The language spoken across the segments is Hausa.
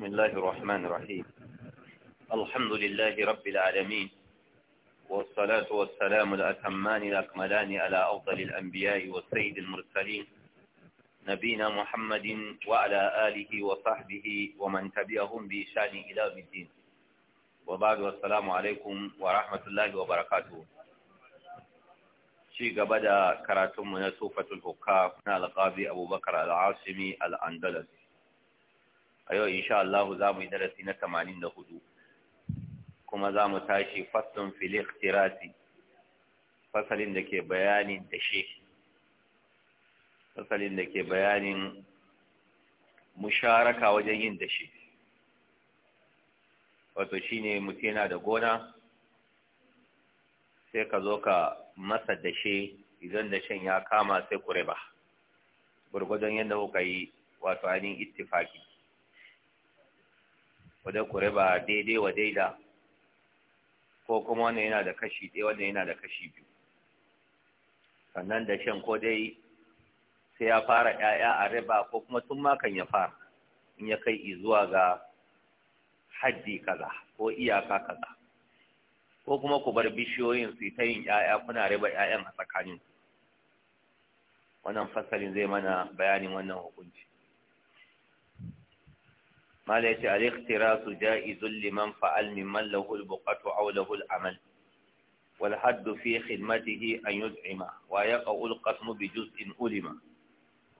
بسم الله الرحمن الرحيم الحمد لله رب العالمين والصلاة والسلام الأتمان الأكملان على أفضل الأنبياء والسيد المرسلين نبينا محمد وعلى آله وصحبه ومن تبعهم بإشان إلى الدين وبعد والسلام عليكم ورحمة الله وبركاته شيء قبل كراتم من سوفة الحكام نال قاضي أبو بكر العاصمي الأندلسي a yau insha Allah za mu yi darasi na tamanin da hudu kuma za mu tashi faslun filik ikhtirasi fasalin da ke bayanin dashe fasalin da ke bayanin musharaka wajen yin dashe wato shi ne yana da gona sai ka zo ka masa dashe idan dashen ya kama sai ku riba gurgudun yadda kuka yi wato ainihin ittifaki wadda ku raba daidai wa daida ko kuma wannan yana da kashi ɗaya wannan yana da kashi biyu sannan da shan ko dai sai ya fara ‘ya'ya a riba ko kuma tun makan ya fara in ya kai zuwa ga haddi kaza ko iyaka kaza ko kuma ku bar bishiyoyin su ta yin ‘ya'ya kuna riba ‘ya'yan a tsakanin wannan fasalin zai mana bayanin wannan hukunci ما ليس الاختراس جائز لمن فعل ممن له البقعة أو له العمل والحد في خدمته أن يدعم ويقع القسم بجزء ألم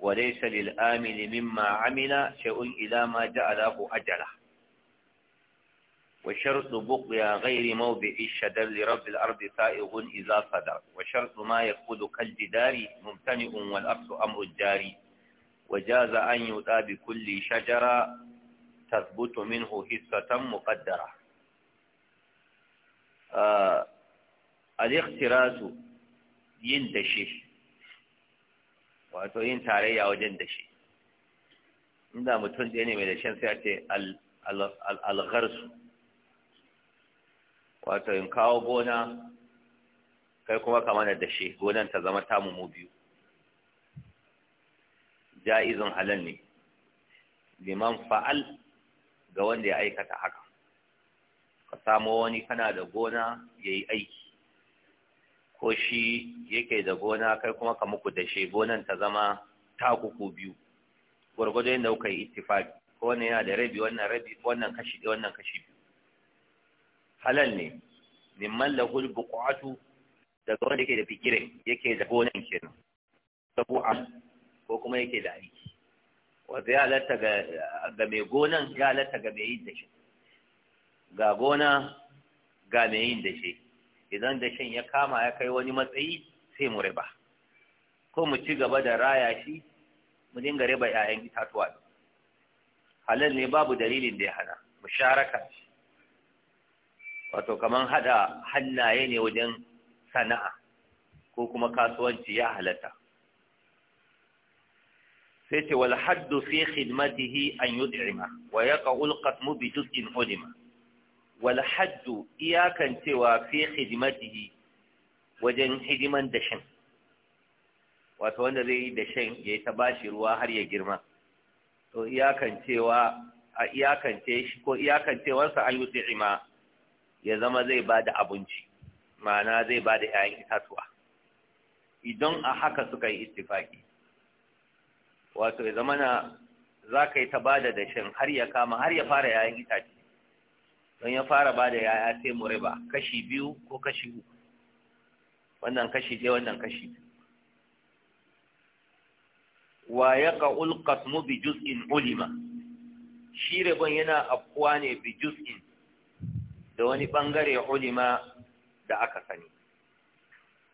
وليس للآمل مما عمل شيء إلى ما جعله أجله وشرط بقيا غير موضع الشدر لرب الأرض سائغ إذا صدر وشرط ما يقول كالجدار ممتنئ والأرض أمر الجاري وجاز أن يؤتى بكل شجرة tasbutu minhu hissatan muqaddara al-ikhtirasu yin dashi wato yin tarayya wajen dashi inda mutum ɗaya ne mai dashen sai a ce al-gharsu wato in kawo gona kai kuma kamar da dashe gonan ta zama tamu mu biyu ja'izun halal ne liman fa'al ga wanda ya aikata haka ka samo wani kana da gona ya yi aiki ko shi yake da gona kai kuma ka muku dashe gonan ta zama takuku biyu gwargwado yadda kuka yi ittifaki ko wani yana da rabi wannan rabi wannan kashi ɗaya wannan kashi biyu halal ne mimman lahul buƙatu daga wanda yake da fikirin yake da gonan kenan sabu ko kuma yake da aiki wato ya halatta ga mai gonan ya halatta ga mai yin dashe ga gona ga mai yin dashe idan dashen ya kama ya kai wani matsayi sai mu riba ko mu ci gaba da raya shi mu dinga riba 'ya'yan itatuwa halal ne babu dalilin da ya hana mu sharaka ce wato kamar hada hannaye ne wajen sana'a ko kuma kasuwanci ya halatta sai ce wal haddu fi khidmatihi an yud'ima wa yaqul qatmu bi tuskin udima wal haddu iyakan cewa fi khidmatihi wajen hidiman da shin wato wanda zai yi shin ya yi ta bashi ruwa har ya girma to iyakan cewa a iyakan ce shi ko iyakan ce wansa an yud'ima ya zama zai bada abinci ma'ana zai bada 'ya'yan itatuwa idan a haka suka yi istifaki wato ya zamana za ka yi ta ba da dashen har ya kama har ya fara yayan itace don ya fara ba da yaya sai mu riba kashi biyu ko kashi uku wannan kashi ɗaya wannan kashi biyu wa ya ƙa'ul mu bi juz'in ulima shi rabon yana afkuwa ne bi juz'in da wani ɓangare ulima da aka sani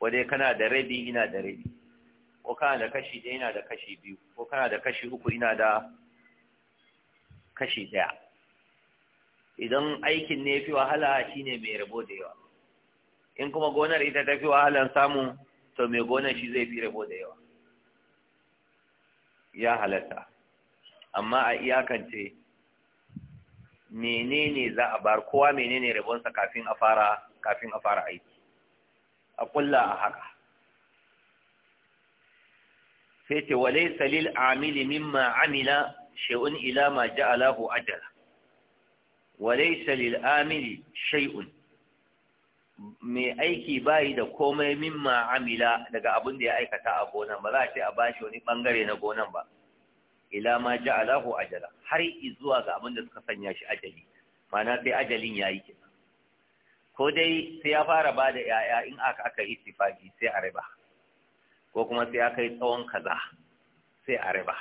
wadai kana da rabi ina da rabi ko kana da kashi ɗaya yana da kashi biyu ko kana da kashi uku ina da kashi ɗaya idan aikin ne fi wahala shine mai rabo da yawa in kuma gonar ita ta fi wahalan samu to mai gonar shi zai fi rabo da yawa ya halatta amma a iyakance menene za a bar kowa menene rabonsa kafin kafin a fara aiki a kulla a haka sai ce wa Salil amili mimma amila shay'un ila ma ja'alahu ajala wa Salil lil amili shay'un mai aiki bayi da komai mimma amila daga abin da ya aikata a gonan ba za a ce a bashi wani bangare na gonan ba ila ma ja'alahu ajala har zuwa ga abin da suka sanya shi ajali mana sai ajalin ya yi kenan ko dai sai ya fara ba da ‘ya'ya in aka aka yi sai a riba ko kuma sai aka yi tsawon kaza sai a riba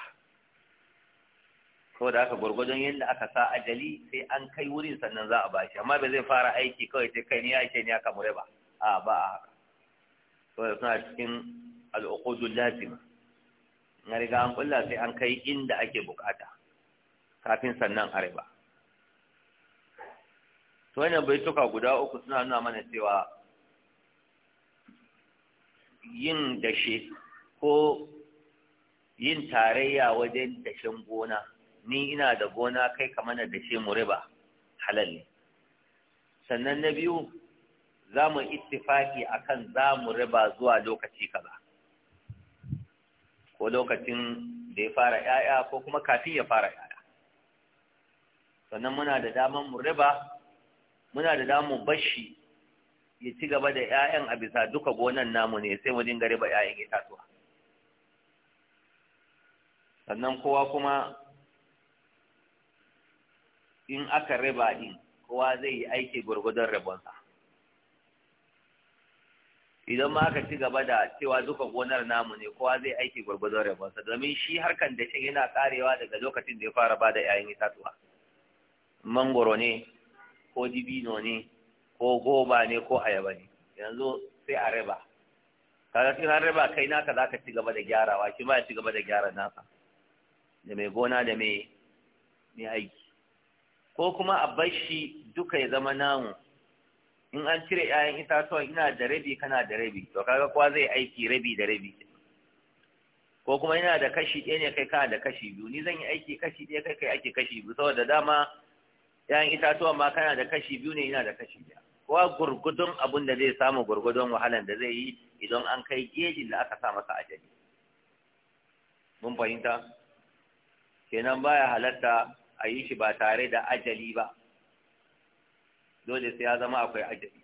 ko da aka gwargwadon yadda aka sa ajali sai an kai wurin sannan za a bashi amma ba zai fara aiki kawai sai kai ni ake ni aka mu riba a ba a haka saboda suna cikin al'uqudul lazim na riga an kulla sai an kai inda ake bukata kafin sannan a riba to wannan baituka guda uku suna nuna mana cewa yin dashe ko yin tarayya wajen dashen gona ni ina da gona kai ka mana dashe mu riba halal ne sannan na biyu za mu ittifaki akan za mu riba zuwa lokaci kaza ko lokacin da ya fara ‘ya'ya ko kuma kafin ya fara ‘ya'ya sannan muna da daman mu riba muna da daman bashi ya ci gaba da 'ya'yan a bisa duka gonan namu ne sai mu dinga riba 'ya'yan itatuwa sannan kowa kuma in aka riba din kowa zai yi aiki gurgudun rabonsa idan ma aka ci gaba da cewa duka gonar namu ne kowa zai aiki gurgudun rabonsa domin shi harkan da shi yana karewa daga lokacin da ya fara ba da 'ya'yan itatuwa mangoro ne ko dibino ne ko goma ne ko ayaba ne yanzu sai a raba kaga sai an raba kai naka zaka ci gaba da gyarawa shi ma ya ci gaba da gyara naka da mai gona da mai mai aiki ko kuma a bar shi duka ya zama namu in an cire 'ya'yan itatuwa, ina da rabi kana da rabi to kaga kowa zai aiki rabi da rabi ko kuma ina da kashi ɗaya ne kai kana da kashi biyu ni zan yi aiki kashi ɗaya kai kai ake kashi biyu saboda dama 'ya'yan itatuwa ma kana da kashi biyu ne ina da kashi ɗaya kowa gurgudun abun da zai samu gurgudun wahalan da zai yi idan an kai gejin da aka sa masa ajali mun fahimta kenan baya halatta a yi shi ba tare da ajali ba dole sai ya zama akwai ajali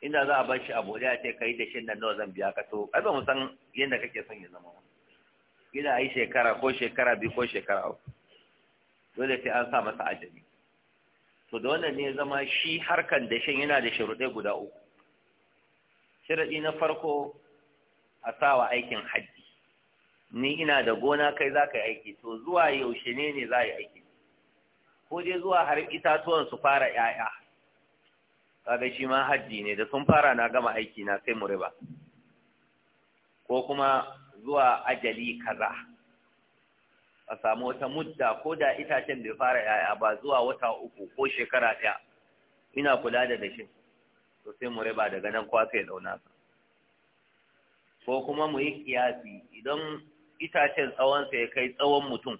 inda za a bar shi abu bude ce kai da shin nan nawa zan biya ka to ai ba mu san yadda kake son ya zama gida a yi shekara ko shekara biyu ko shekara uku dole sai an sa masa ajali to da wannan ne zama shi harkan dashen yana da sharuɗai guda uku sharaɗi na farko a sawa aikin hajji ni ina da gona kai za ka yi aiki to zuwa yaushe ne ne za yi aiki ko dai zuwa har itatuwan su fara 'ya'ya kaga shi ma hajji ne da sun fara na gama aiki na sai mu riba ko kuma zuwa ajali kaza a samu wata mudda ko da itacen bai fara yaya ba zuwa wata uku ko shekara ɗaya ina kula da dashin to sai mu raba daga nan kwafe ya dauna ko kuma mu yi kiyasi idan itacen tsawonsa ya kai tsawon mutum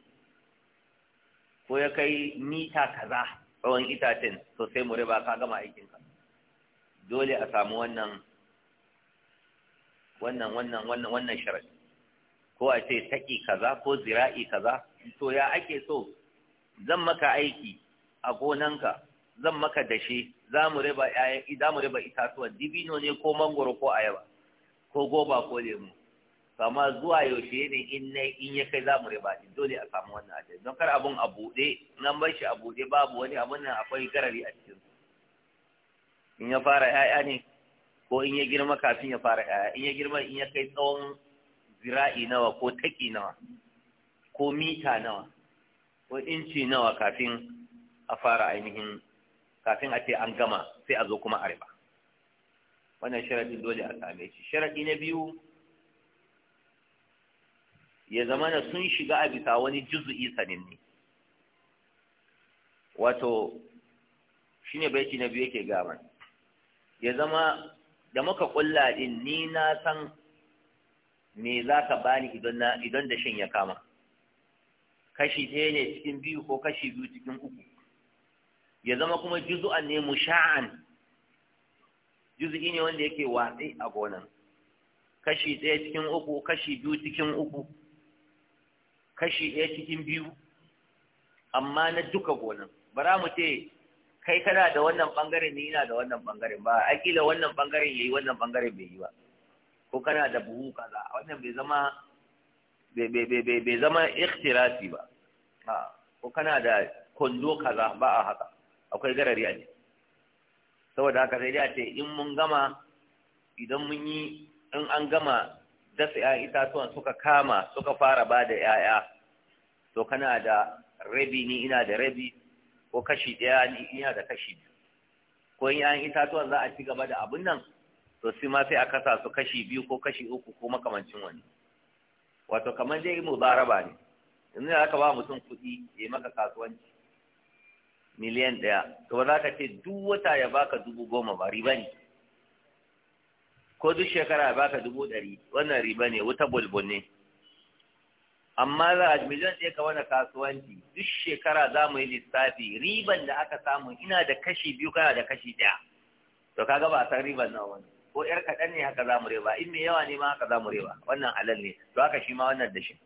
ko ya kai mita kaza tsawon itacen to sai mu raba ka gama aikinka dole a samu wannan wannan wannan wannan wannan sharadi ko a ce taƙi kaza ko zira'i kaza to ya ake so zan maka aiki a gonanka zan maka dashe za mu riba za mu riba itatuwa, dibino ne ko mangoro ko ayaba ko goba ko lemu kama zuwa yaushe ne in na in ya kai za mu riba din dole a samu wannan ajali don kar abun a buɗe nan bar shi a buɗe babu wani abun nan akwai garari a cikin in ya fara 'ya'ya ne ko in ya girma kafin ya fara 'ya'ya in ya girma in ya kai tsawon zira'i nawa ko taki nawa ko mita nawa ko inci nawa kafin a fara ainihin kafin a ce an gama sai a zo kuma a riba wannan sharaɗin dole a same shi sharaɗi na biyu ya zama na sun shiga a bisa wani juzu'i sananne wato shi ne baiti na biyu yake gama ya zama da muka kulla ɗin ni na san me za ka bani idan da shan ya kama kashi ɗaya ne cikin biyu ko kashi biyu cikin uku ya zama kuma juzu'an ne sha'an juzu'i ne wanda yake watsi a gonan kashi ɗaya cikin uku kashi biyu cikin uku kashi ɗaya cikin biyu amma na duka gonan bara mu ce kai kana da wannan ɓangaren ni ina da wannan ɓangaren ba a ƙila wannan ɓangaren ya yi wannan ɓangaren bai yi ba ko kana da buhu kaza wannan bai zama bai zama ikhtirasi ba ko kana da kwando kaza ba a haka akwai garari a ne saboda haka sai dai a ce in mun gama idan mun yi in an gama dasa ‘ya'yan itatuwan suka kama suka fara ba da ‘ya'ya to kana da rabi ni ina da rabi ko kashi ɗaya ni ina da kashi ko ‘ya'yan itatuwan za a ci gaba da abin nan to sai ma sai a kasa su kashi biyu ko kashi uku ko makamancin wani wato kamar dai mudaraba ne yanzu aka ba mutum kuɗi ya maka kasuwanci miliyan ɗaya to ba za ka ce duk wata ya baka dubu goma ba riba ne ko duk shekara ya baka dubu ɗari wannan riba ne wuta bulbul ne amma za a miliyan ɗaya ka wani kasuwanci duk shekara za mu yi lissafi riban da aka samu ina da kashi biyu kana da kashi ɗaya to kaga ba a san riban nawa wani ko ƴar kaɗan ne haka za mu reba in mai yawa ne ma haka za mu reba wannan alal ne to haka shi ma wannan da shi.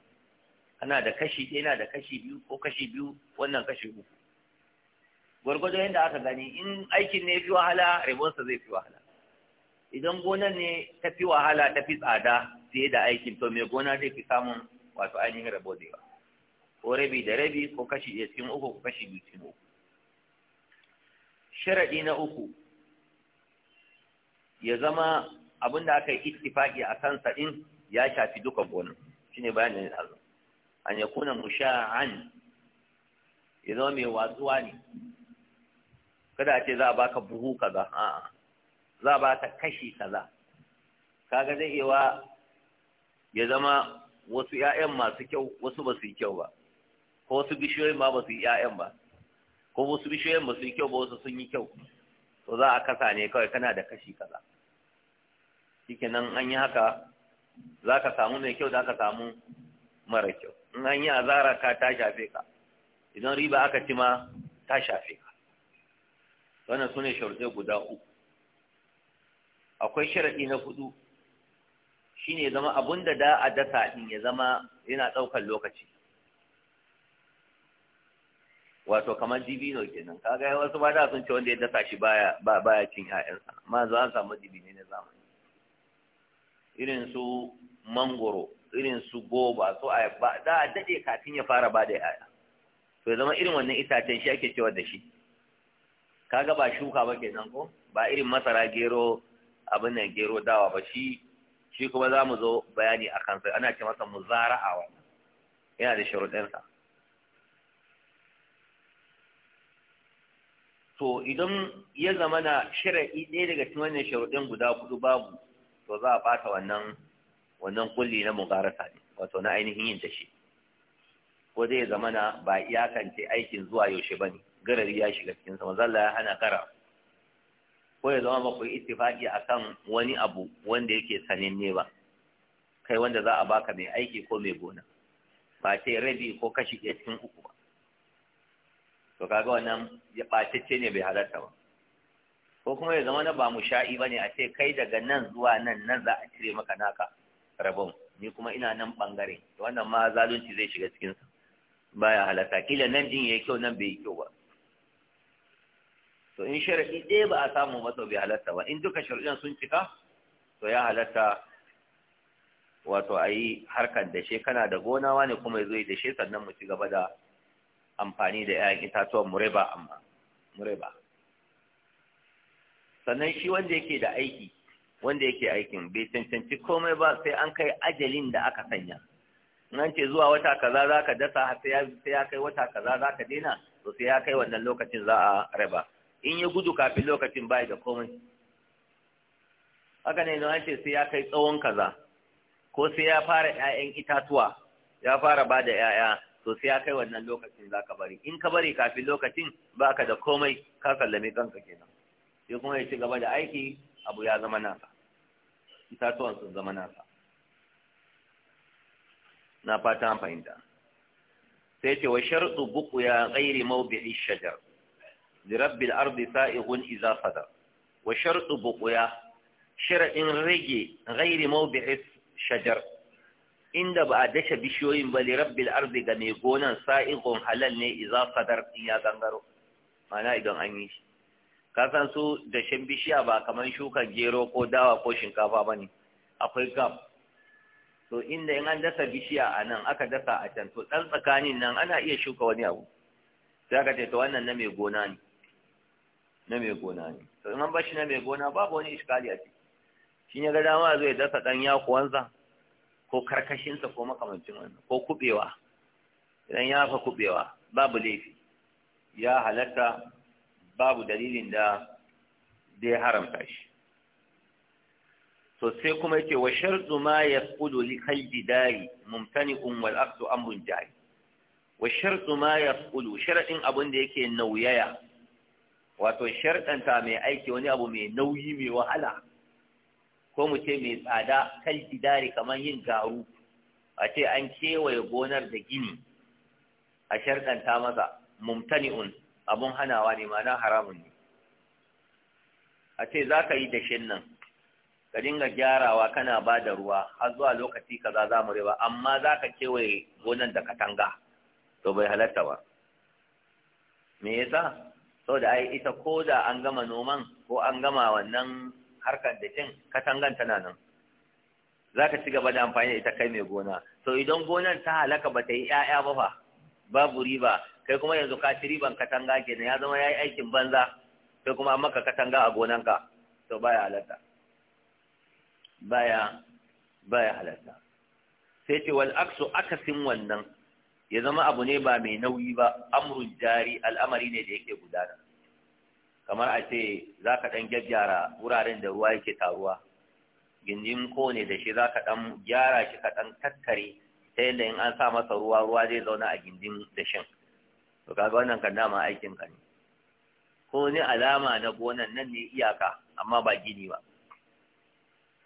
ana da kashi ɗaya na da kashi biyu ko kashi biyu wannan kashi uku gwargwado yadda aka gani in aikin ne fi wahala rebonsa zai fi wahala idan gonar ne ta fi wahala ta fi tsada fiye da aikin to mai gona zai fi samun wato ainihin rabo da ko rabi da rabi ko kashi ɗaya cikin uku ko kashi biyu cikin uku sharaɗi na uku ya zama abin da aka yi ittifaki a kansa din ya shafi duka gonan shine bayanin Allah an yakuna musha'an ya zama mai watsuwa ne kada a ce za a baka buhu kaza a'a za a baka kashi kaza kaga zai iya ya zama wasu ƴaƴan masu kyau wasu ba su yi kyau ba ko wasu bishiyoyin ma ba su yi ƴaƴan ba ko wasu bishiyoyin ba su yi kyau ba wasu sun yi kyau to za a kasa ne kawai kana da kashi kaza nan an yi haka za ka samu mai kyau za ka samu mara kyau in an yi azara ka ta shafe ka idan riba aka ci ma ta shafe ka wannan su ne guda uku akwai sharaɗi na hudu shi ne zama abun da da a dasa ɗin ya zama yana ɗaukar lokaci wato kamar dibino kenan kaga wasu ba da sun ce wanda ya dasa shi baya baya cin 'ya'yansa amma za a samu dibino na zamani irin su mangoro irin su goba su ayaba za a daɗe kafin ya fara ba da yaya to zama irin wannan itacen shi ake cewa da shi kaga ba shuka ba ke nan ko ba irin masara gero abin nan gero dawa ba shi shi kuma za mu zo bayani a kansa ana ce masa mu zara a wannan yana da sharuɗinsa to idan ya zama na shara'i ɗaya daga cikin wannan sharuɗin guda kudu babu to za a bata wannan wannan kulli na mugarata ne wato na ainihin yin tashi ko zai zama na ba iyakance aikin zuwa yaushe bane garari ya shiga cikin sa mazalla ya hana kara ko ya zama ba ku ittifaqi akan wani abu wanda yake sananne ba kai wanda za a baka mai aiki ko mai gona ba ce rabi ko kashi ɗaya cikin uku ba to kaga wannan ya ne bai halarta ba ko kuma ya zama na ba mu sha'i bane a ce kai daga nan zuwa nan nan za a cire maka naka rabon ni kuma ina nan bangare wannan ma zalunci zai shiga cikin sa baya halatta kila nan din yayi kyau nan bai yi kyau ba to in shar'i ɗaya ba a samu masa bai halatta ba in duka shar'in sun cika to ya halatta wato a yi da dashe kana da gona wani kuma ya zo yi dashe sannan mu ci gaba da amfani da 'ya'yan itatuwan mureba amma mureba sannan shi wanda yake da aiki wanda yake aikin bai cancanci komai ba sai an kai ajalin da aka sanya nan ce zuwa wata kaza za ka dasa sai ya kai wata kaza za ka daina to sai ya kai wannan lokacin za a raba in ya gudu kafin lokacin bai da komai haka ne nan ce sai ya kai tsawon kaza ko sai ya fara 'ya'yan itatuwa ya fara ba da 'ya'ya to sai ya kai wannan lokacin za ka bari in ka bari kafin lokacin ba ka da komai ka sallame kanka kenan sai kuma ya ci gaba da aiki abu ya zama nasa itatuwan sun zama nasa na fata an fahimta sai ce wa sharɗu buku ya ghairi mawdi'i shajar li rabbil ardi sa'ighun idza sadar wa sharɗu buku ya sharadin rage ghairi mawdi'i shajar inda ba a dashe bishiyoyin ba li rabbil ardi ga mai gonan sa'ihun halal ne iza fadar in ya gangaro ma'ana idan an yi shi ka san su dashen bishiya ba kamar shuka gero ko dawa ko shinkafa ba ne akwai gam. to inda in an dasa bishiya a nan aka dasa a can to ɗan tsakanin nan ana iya shuka wani abu sai aka ce to wannan na mai gona ne na mai gona ne to in an bar shi na mai gona babu wani iskali a ciki shi ne ga dama zai dasa ɗan yakuwansa ko karkashinsa ko makamancin wannan ko kuɓewa idan ya fa kuɓewa babu laifi ya halatta babu dalilin da zai haramta shi to sai kuma yake wa shartu ma yasqudu li kalbi dari mumtani'un wal aqdu bun jari wa shartu ma yasqudu sharadin abun da yake nauyaya wato sharɗanta mai aiki wani abu mai nauyi mai wahala ko mu ce mai tsada kalbi dari kamar yin garu a ce an kewaye gonar da gini a sharɗanta masa mumtani'un abun hanawa ne ma'ana haramun ne a ce za ka yi dashen nan ka dinga gyarawa kana ba da ruwa har zuwa lokaci kaza za mu riba amma za ka kewaye gonan da katanga to bai halatta ba me yasa da ai ita ko da an gama noman ko an gama wannan harkar da cin katangan tana nan za ka ci gaba da amfani da ita kai mai gona to idan gonan ta halaka ba ta yi 'ya'ya ba fa babu riba kai kuma yanzu ka ci riban katanga kenan ya zama yayi aikin banza kai kuma maka katanga a gonanka to baya halatta baya baya halatta sai ce wal aksu akasin wannan ya zama abu ne ba mai nauyi ba amrun jari al'amari ne da yake gudana kamar a ce za ka ɗan gyaggyara wuraren da ruwa yake taruwa gindin kone da shi za ka ɗan gyara shi ka ɗan tattare ta yadda in an sa masa ruwa ruwa zai zauna a gindin dashin to kaga wannan kan dama aikin ka ne ko ni alama na gonan nan ne iyaka amma ba gini ba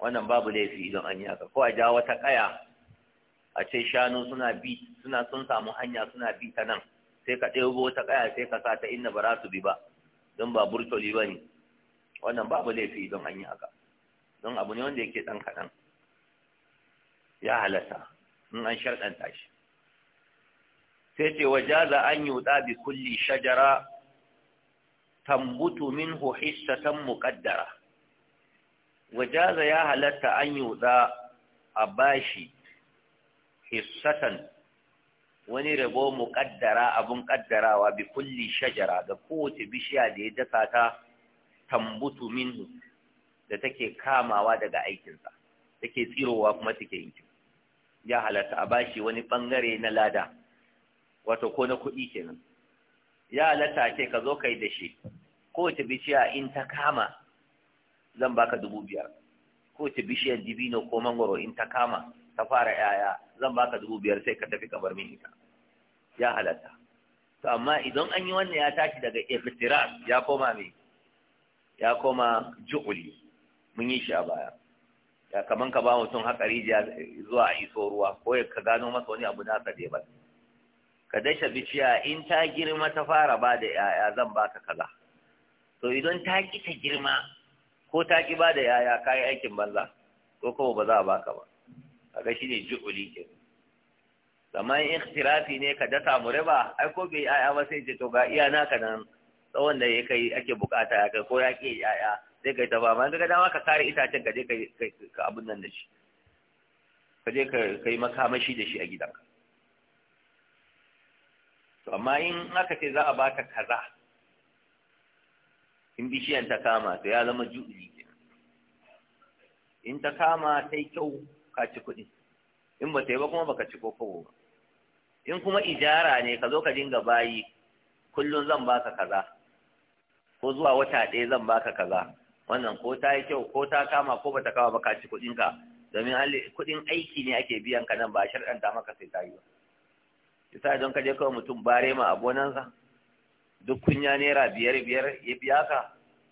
wannan babu laifi idan an haka. ko a ja wata kaya a ce shanu suna bi suna sun samu hanya suna bi ta nan sai ka ɗebo wata kaya sai ka sa ta inda ba za su bi ba don ba burtoli ba ne wannan babu laifi idan an haka. don abu ne wanda yake ɗan kaɗan ya halasta in an sharɗanta shi sai ce wa jaza an wuɗa bi kulli shajara tambutu hohista hissatan muƙaddara wa jaza ya halatta an wuɗa a bashi hissatan wani rabo muƙaddara abin ƙaddarawa bi kulli shajara ga kowace bishiya da ya dasa ta tambutu min da take kamawa daga aikinsa take tsirowa kuma take yi ya halatta a bashi wani ɓangare na lada wato ko na kuɗi kenan ya halatta ce ka zo kai da shi ta bishiya in ta kama zan baka dubu biyar ta bishiyar dibino ko mangoro in ta kama ta fara yaya zan baka dubu biyar sai ka tafi kamar min ita ya halatta to amma idan an yi wannan ya tashi daga iftirar ya koma me ya koma ju'uli mun yi shi a baya ya kaman ka ba mutum haƙa rijiya zuwa iso ruwa ko ka gano masa wani abu na sa je ba. ka dasha bishiya in ta girma ta fara ba da yaya zan baka kaza to idan ta ki ta girma ko ta ki ba da yaya kayi aikin banza ko kuma ba za a baka ba kaga shine ju'uli ke zaman ikhtirafi ne ka dasa mu riba ai ko bai yaya ba sai ce to ga iya naka nan tsawon da ya kai ake bukata ya kai ko ya ke yaya sai kai ta ba ma daga dama ka kare itacen ka je ka abin nan da shi ka je ka yi makamashi da shi a gidanka to amma in aka ce za a baka kaza in bishiyan ta kama to ya zama juɗi in ta kama ta kyau ka ci kuɗi in ba ta yi ba kuma baka ci ko kawo ba in kuma ijara ne ka zo ka dinga bayi kullum zan baka kaza ko zuwa wata ɗaya zan baka kaza wannan ko ta yi kyau ko ta kama ko bata kama ba ka ci kuɗinka domin kuɗin aiki ne ake biyan ka nan ba a sharɗanta maka sai ta yi ba Isa don ka je kawai mutum bare ma abonansa duk kunya naira biyar biyar ya biya ka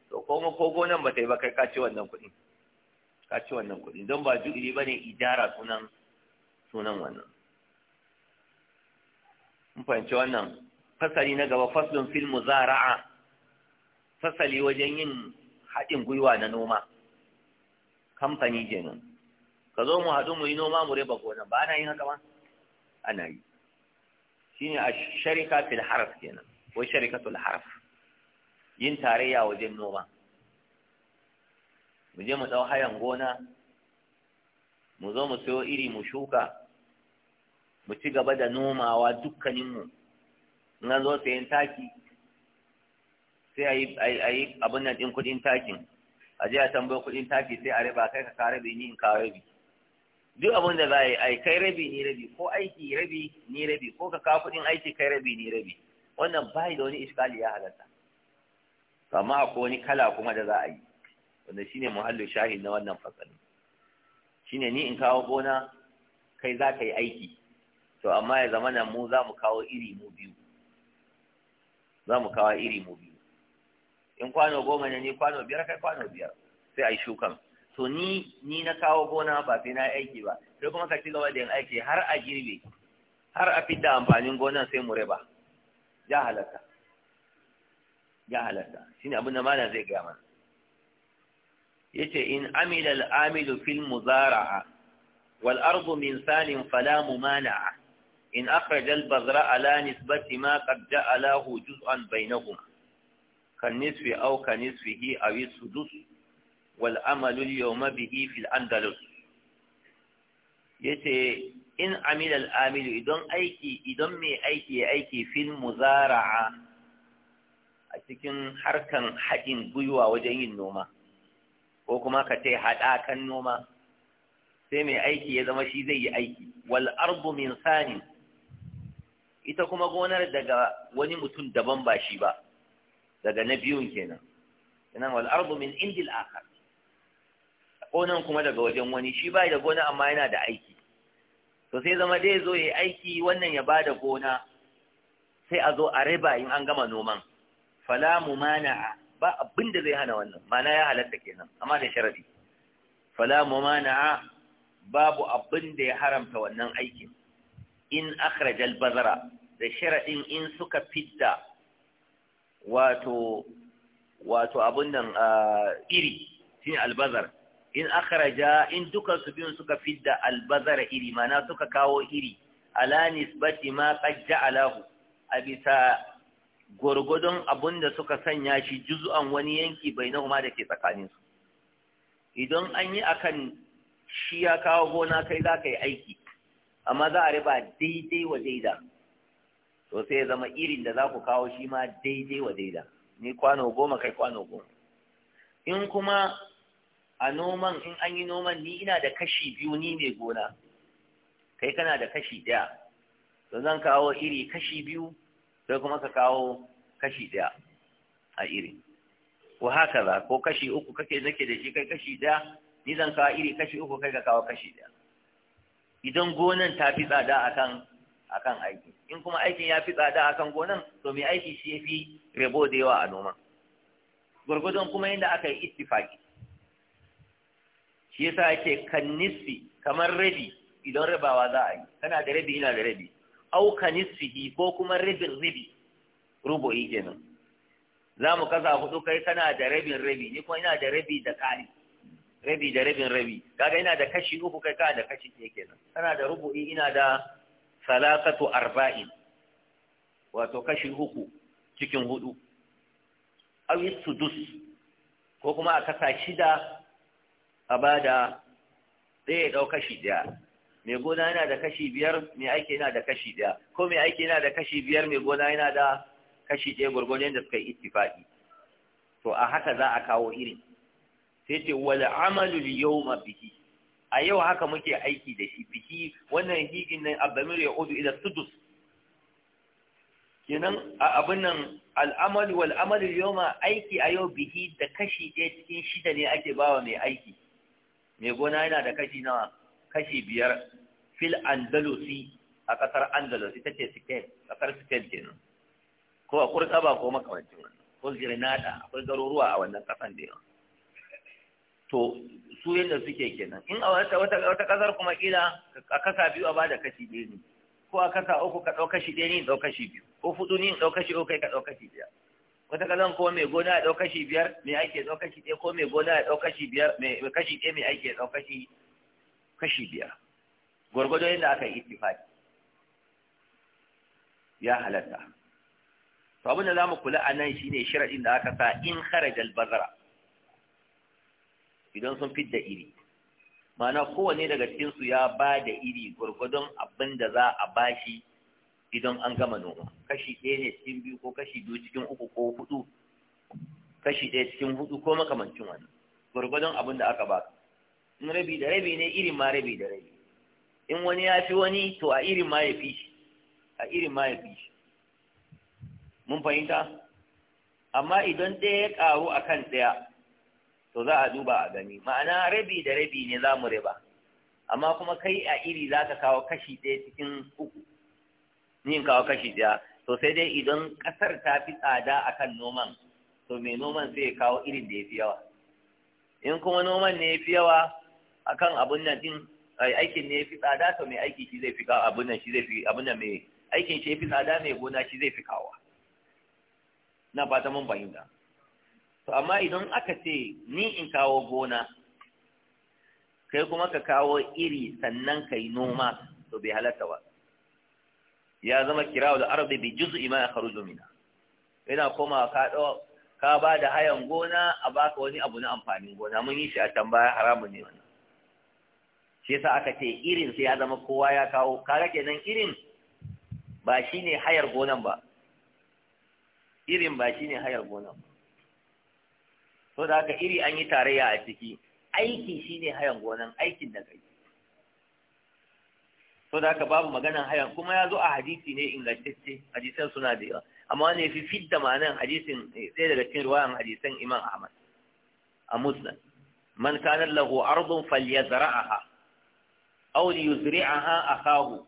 to ko ko gonan ba ta yi ba kai ka ci wannan kuɗi ka ci wannan kuɗi don ba juɗi ba ne idara sunan sunan wannan mun fahimci wannan fasali na gaba faslun fil muzara'a fasali wajen yin haɗin gwiwa na noma kamfani kenan ka zo mu haɗu mu yi noma mu raba gonan ba ana yin haka ba ana yi shine a sharika fil harf kenan ko al harf yin tarayya wajen noma mu je mu dau hayan gona mu zo mu sayo iri mu shuka mu ci gaba da nomawa dukkaninmu na zo sayan taki sai a yi abin nan ɗin kuɗin takin a je a tambayi kuɗin taki sai a riba kai ka karabi ni in karabi duk abin da za a yi ai kai rabi ni rabi ko aiki rabi ni rabi ko ka kawo kuɗin aiki kai rabi ni rabi wannan bai da wani iskali ya halatta amma akwai wani kala kuma da za a yi wanda shine muhallu shahid na wannan fasali shine ni in kawo gona kai za ka yi aiki to amma ya zama nan mu za mu kawo iri mu biyu za mu kawo iri mu biyu in kwano goma ne ni kwano biyar kai kwano biyar sai a yi shukan to ni ni na kawo gona ba sai na aiki ba sai kuma ka ci gaba da yin aiki har a girbe har a fidda amfanin gonan sai mu riba ya halatta ya halatta shine abin da malam zai gaya mana ce in amila al-amilu fil muzara'a wal ardu min salim fala mu mana'a. in akhraja al-bazra'a la nisbati ma qad ja'alahu juz'an bainahuma kan nisfi aw kan nisfihi aw sudus wal amalu yawma bihi fil andalus yace in amila al amilu idan idan mai aiki ya aiki fil a cikin harkan haɗin gwiwa wajen yin noma ko kuma ka ce haɗakan noma sai mai aiki ya zama shi zai yi aiki wal ardu min sani ita kuma gonar daga wani mutum daban ba shi ba daga na biyun kenan kenan wal ardu min indil Ko nan kuma daga wajen wani shi ba da gona amma yana da aiki to sai zama dai zo yi aiki wannan ya bada gona sai a zo a riba in an gama noman fala mana ba abin da zai hana wannan mana ya halatta kenan amma da sharadi fala mana babu abin da ya haramta wannan aikin in akhrajal bazara da sharadin in suka fidda wato wato abun nan ah, iri shine albazar in akharaja in duka su biyun suka fidda albazara iri mana suka kawo iri ala nisbati ma qadja alahu, a bisa gurgudun abunda suka sanya shi juz'an wani yanki bainahuma da ke tsakanin su idan an yi akan shi ya kawo gona kai za ka yi aiki amma za a riba daidai wa daida to sai ya zama irin da za ku kawo shi ma daidai wa daida ni kwano goma kai kwano goma in kuma a noman in an yi noman ni ina da kashi biyu ni mai gona kai kana da kashi ɗaya to zan kawo iri kashi biyu sai kuma ka kawo kashi ɗaya a iri ko haka za ko kashi uku kake nake da shi kai kashi ɗaya ni zan kawo iri kashi uku kai ka kawo kashi ɗaya idan gonan ta fi tsada akan akan aiki in kuma aikin ya fi tsada akan gonan to mai aiki shi ya fi rabo da yawa a noman gwargwadon kuma yadda aka yi ittifaki shi yasa yake kan nisfi kamar rabi idan rabawa za a yi kana da rabi ina da rabi au ka nisfihi ko kuma rabin rabi rubu'i kenan za mu kasa hudu kai kana da rabin rabi ni kuma ina da rabi da kari rabi da rabin rabi kaga ina da kashi uku kai kana da kashi ke kenan kana da rubu'i ina da salatatu arba'in wato kashi uku cikin hudu yi sudus ko kuma a kasa shida a da ɗaya ya ɗau kashi ɗaya mai gona yana da kashi biyar mai aiki yana da kashi ɗaya ko mai aiki yana da kashi biyar mai gona yana da kashi ɗaya gwargwadon da suka yi ittifaƙi to a haka za a kawo irin sai ce wal amalu ma bihi a yau haka muke aiki da shi bihi wannan higin nan abdamir ya udu ila sudus kenan abin nan al'amalu wal amalu ma aiki a yau bihi da kashi ɗaya cikin shida ne ake bawa mai aiki mai gona yana da kashi nawa kashi biyar fil andalusi a ƙasar andalusi ita ce spain ƙasar spain kenan ko a kurkaba ko makamancin wannan ko grenada akwai garuruwa a wannan ƙasan da yawa to su yadda suke kenan in a wata wata ƙasar kuma kila a kasa biyu a da kashi ɗaya ne ko a kasa uku ka ɗau kashi ɗaya ne ɗau kashi biyu ko fudu ne ɗau kashi uku kai ka ɗau kashi biyar wata kalan ko mai gona ya ɗau kashi biyar mai aiki ya kashi ɗaya ko mai gona ya ɗau kashi biyar mai kashi ɗaya mai aiki ya kashi kashi biyar gwargwado yadda aka yi ittifaki ya halatta to abin da za mu kula a nan shine sharaɗin da aka sa in kharaja albazara idan sun fidda iri ma'ana kowane daga cikinsu ya ba da iri gwargwadon abin da za a bashi idan an gama noma kashi ɗaya ne cikin biyu ko kashi biyu cikin uku ko hudu kashi ɗaya cikin hudu ko makamancin wani, gwargwadon abin da aka baka in rabi da rabi ne irin ma rabi da rabi in wani ya fi wani to a irin ma ya fi shi a irin ma ya fi shi mun fahimta amma idan ɗaya ya ƙaru a kan ɗaya to za a duba a gani ma'ana rabi da rabi ne za mu riba amma kuma kai a iri za ka kawo kashi ɗaya cikin uku ni in kawo kashi ɗaya to sai dai idan ƙasar ta fi tsada a kan noman to mai noman sai ya kawo irin da ya fi yawa in kuma noman ne ya fi yawa a kan abun nan ɗin aikin ne ya fi tsada to mai aiki shi zai fi kawo abun nan shi zai fi abun nan mai aikin shi ya fi tsada mai gona shi zai fi kawo na fata mun fahimta to amma idan aka ce ni in kawo gona kai kuma ka kawo iri sannan ka yi noma to bai halatta ba ya zama kirawo da arzi bi juz'i ma yakhruju minha yana koma ka ka ba da hayan gona a baka wani abu na amfani gona mun yi shi a can baya haramun ne wannan shi yasa aka ce irin sai ya zama kowa ya kawo kaga nan irin ba shine hayar gonan ba irin ba shine hayar gonan ba so da haka iri an yi tarayya a ciki aiki shine hayan gonan aikin da kai so da haka babu maganan haya? kuma ya zo a hadisi ne ingantacce hadisan suna da yawa amma ya fi fidda ma'anan hadisin sai eh, daga cikin ruwayan hadisan imam ahmad a musnad man kana lahu ardun falyazra'aha aw liyuzri'aha akahu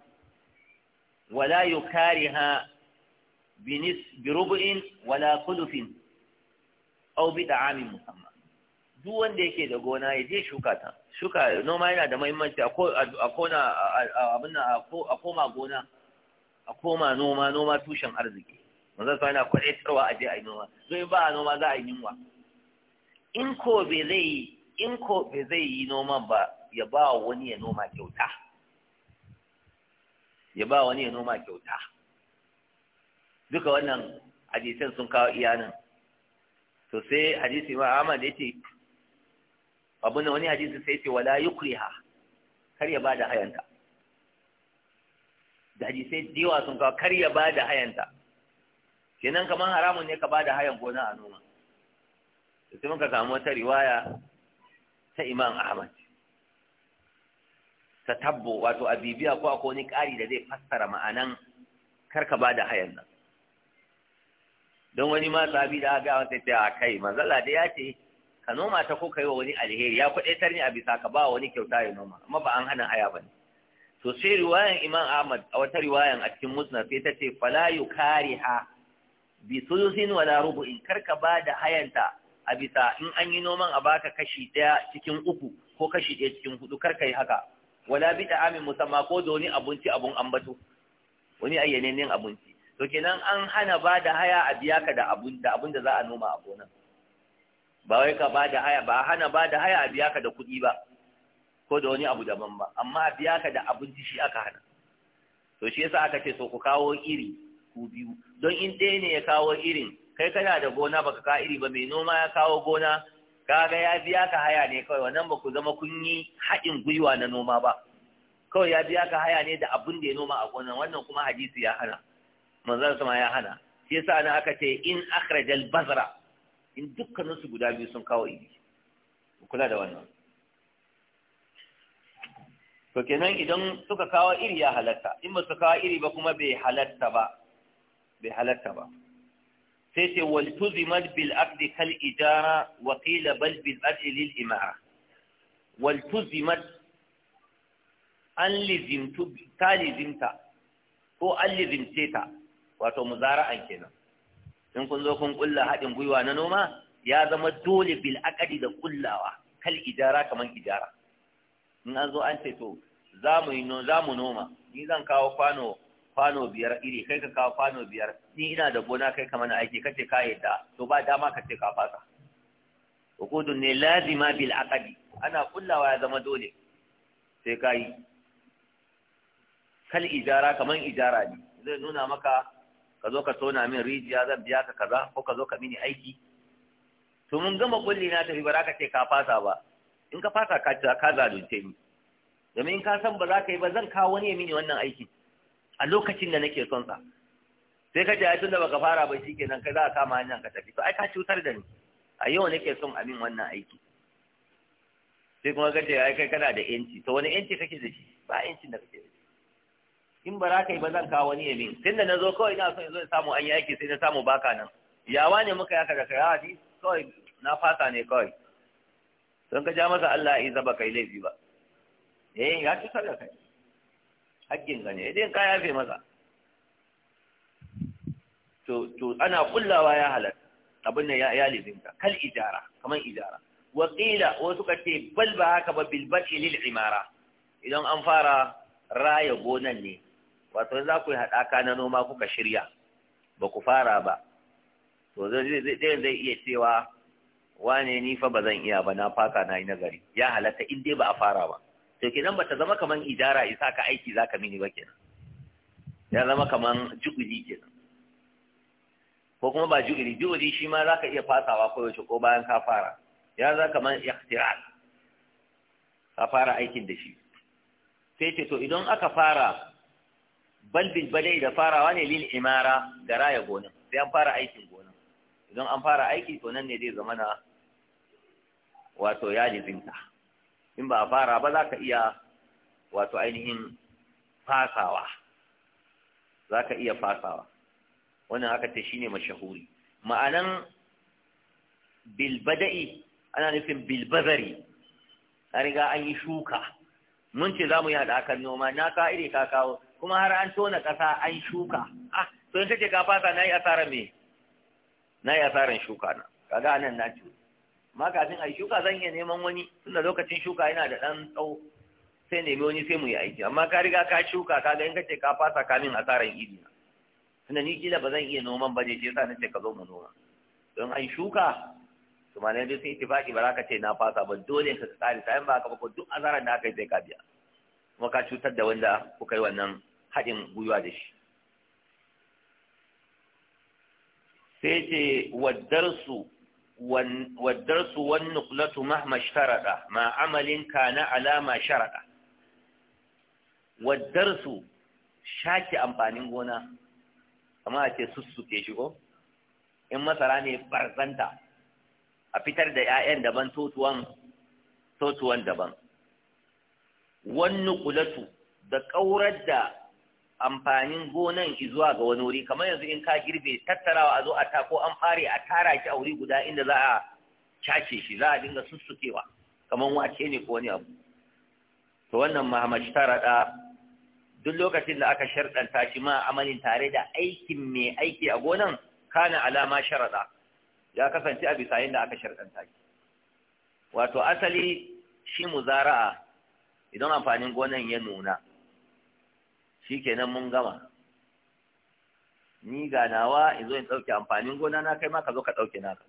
wala yukariha binis birub'in wala qulufin aw bid'amin musamma duk wanda yake da gona ya je shuka ta shuka noma yana da muhimmanci a kona abin a koma gona a koma noma noma tushen arziki manzon sa yana kwaitarwa a je a yi noma zai ba a noma za a yi yunwa in ko bai zai yi in ko bai zai yi noman ba ya ba wani ya noma kyauta ya ba wani ya noma kyauta duka wannan hadisan sun kawo iyanan to sai hadisi ma Ahmad yake abin da wani hadisi sai ce wala yukriha kar ya bada hayanta da hadisai da yawa sun kawo kar ya bada hayanta kenan kaman haramun ne ka bada hayan gona a noma sai muka samu wata riwaya ta Imam Ahmad ta tabbo wato a bibiya ko akwai wani ƙari da zai fassara ma'anan kar ka bada hayan nan don wani ma sabi da aka gawa sai ta kai mazala da ya ce ka noma ta ko ka yi wa wani alheri ya tar ne a bisa ka ba wani kyauta ya noma amma ba an hana haya ba ne to sai riwayan imam ahmad a wata riwayan a cikin Musna sai ta ce fala ha bi sulusin wala rubu'in ka ba da hayanta a bisa in an yi noman a baka kashi ɗaya cikin uku ko kashi ɗaya cikin hudu ka yi haka wala bi amin musamman ko da wani abinci abun ambato wani ne abinci to kenan an hana ba da haya a biya ka da abun da abun da za a noma a gonan ba wai ka ba da haya ba hana ba da haya a biya ka da kuɗi ba ko da wani abu daban ba amma a biya ka da abinci shi aka hana to shi yasa aka ce so ku kawo iri ku biyu don in ɗaya ne ya kawo irin kai kana da gona baka kawo iri ba mai noma ya kawo gona kaga ya biya ka haya ne kawai wannan ba ku zama kun yi haɗin gwiwa na noma ba kawai ya biya ka haya ne da abin da ya noma a gonan wannan kuma hadisi ya hana manzon sama ya hana shi yasa na aka ce in akhrajal bazra in dukkaninsu guda biyu sun kawo iri. kula da wannan to kenan idan suka kawo iri ya halatta in ba su kawo iri ba kuma bai halatta ba bai halatta ba sai ce waltuzimat bil aqdi kal ijara wa qila bal bil aqdi lil imara waltuzimat an lizimtu ta lizimta ko an lizimce ta wato muzara'an kenan in kun zo kun kulla haɗin gwiwa na noma ya zama dole bil akadi da kullawa kal ijara kaman ijara in an zo an ce to za mu yi za mu noma ni zan kawo kwano kwano biyar iri kai ka kawo kwano biyar ni ina da gona kai ka mana aiki kace ka yadda to ba dama ka ce ka fasa hukudun ne lazima bil akadi ana kullawa ya zama dole sai ka yi kal ijara kaman ijara ne zai nuna maka ka zo ka tona min rijiya zan biya ka kaza ko ka zo ka mini aiki to mun gama kulli na tafi ba za ka ce ka fasa ba in ka fasa ka ka zalunce ni domin in ka san ba za ka yi ba zan kawo wani ya mini wannan aikin a lokacin da nake son sa sai ka ce ai tunda baka fara ba shikenan kai za ka kama hanyar ka tafi to ai ka cutar da ni a yau nake son min wannan aiki sai kuma ka ce ai kai kana da yanci to wani yanci kake da shi ba yancin da kake da shi in ba za ka yi ba zan kawo wani yami tun da na zo kawai na so in zo in samu an yi aiki sai na samu baka nan yawa ne muka yaka da kai kawai na fasa ne kawai don ka ja masa Allah ya zaba kai laifi ba eh ya ci da kai hakkin ka ne idan eh, ka yafe masa to to ana kullawa ya halatta abin nan ya ya lizinta kal ijara kaman ijara wa qila wa suka ce bal ba haka ba bil bad'i lil imara idan an fara raya gonan ne wato za ku yi haɗaka na noma kuka shirya ba ku fara ba to zai zai iya cewa wane ni fa ba zan iya ba na faka na yi nazari ya halatta in dai ba a fara ba to kenan ba ta zama kaman idara isa ka aiki zaka mini ba kenan ya zama kaman jugudi kenan ko kuma ba jugudi jugudi shi ma zaka iya fasawa ko yaushe ko bayan ka fara ya zama kaman ihtiral ka fara aikin da shi sai ce to idan aka fara bal balai da farawa ne lil imara ga raya gonan sai an fara aikin gonan idan an fara aiki to nan ne zai zama na wato ya in ba a fara ba za ka iya wato ainihin fasawa za ka iya fasawa wannan haka ta shine mashahuri ma'anan bilbada'i ana nufin bilbazari a riga an yi shuka mun ce za mu yi haɗa noma na ka iri ka kawo kuma har an tona ƙasa an shuka ah to in kace ka fasa nayi asara me nayi asaran shuka na kaga anan na ci ma kafin ai shuka zan iya neman wani tunda lokacin shuka yana da dan tsawo sai nemi wani sai mu yi aiki amma ka riga ka shuka kaga in kace ka fasa kamin asaran iri na tunda ni kila ba zan iya noman ba ne shi yasa nace ka zo mu noma don an shuka to ne dai sai ittifaki ba za ka ce na fasa ba dole ka tsari sai ba ka ba duk asaran da aka yi sai ka biya kuma ka cutar da wanda kuka yi wannan haɗin gwiwa da shi sai ce waddar su wani kulatu والنقلة sharaɗa ma amalin ka na alama sharaɗa. waddar su shaki amfanin gona kama a ce sussuke shigo in masara ne barzanta a fitar da 'ya'yan daban totuwan daban wannu kulatu da ƙaurar da amfanin gonan izuwa ga wani wuri kamar yanzu in ka girbe tattarawa a zo a ta ko an fare a tara shi a wuri guda inda za a cace shi za a dinga sussukewa kamar wace ne ko wani abu to wannan mahamash tara da duk lokacin da aka sharɗanta shi ma amalin tare da aikin mai aiki a gonan kana alama sharaɗa ya kasance a bisa da aka sharɗanta shi wato asali shi muzara'a idan amfanin gonan ya nuna shi kenan mun gama ni ga nawa in zo in ɗauke amfanin gona na kai ma ka zo ka ɗauke naka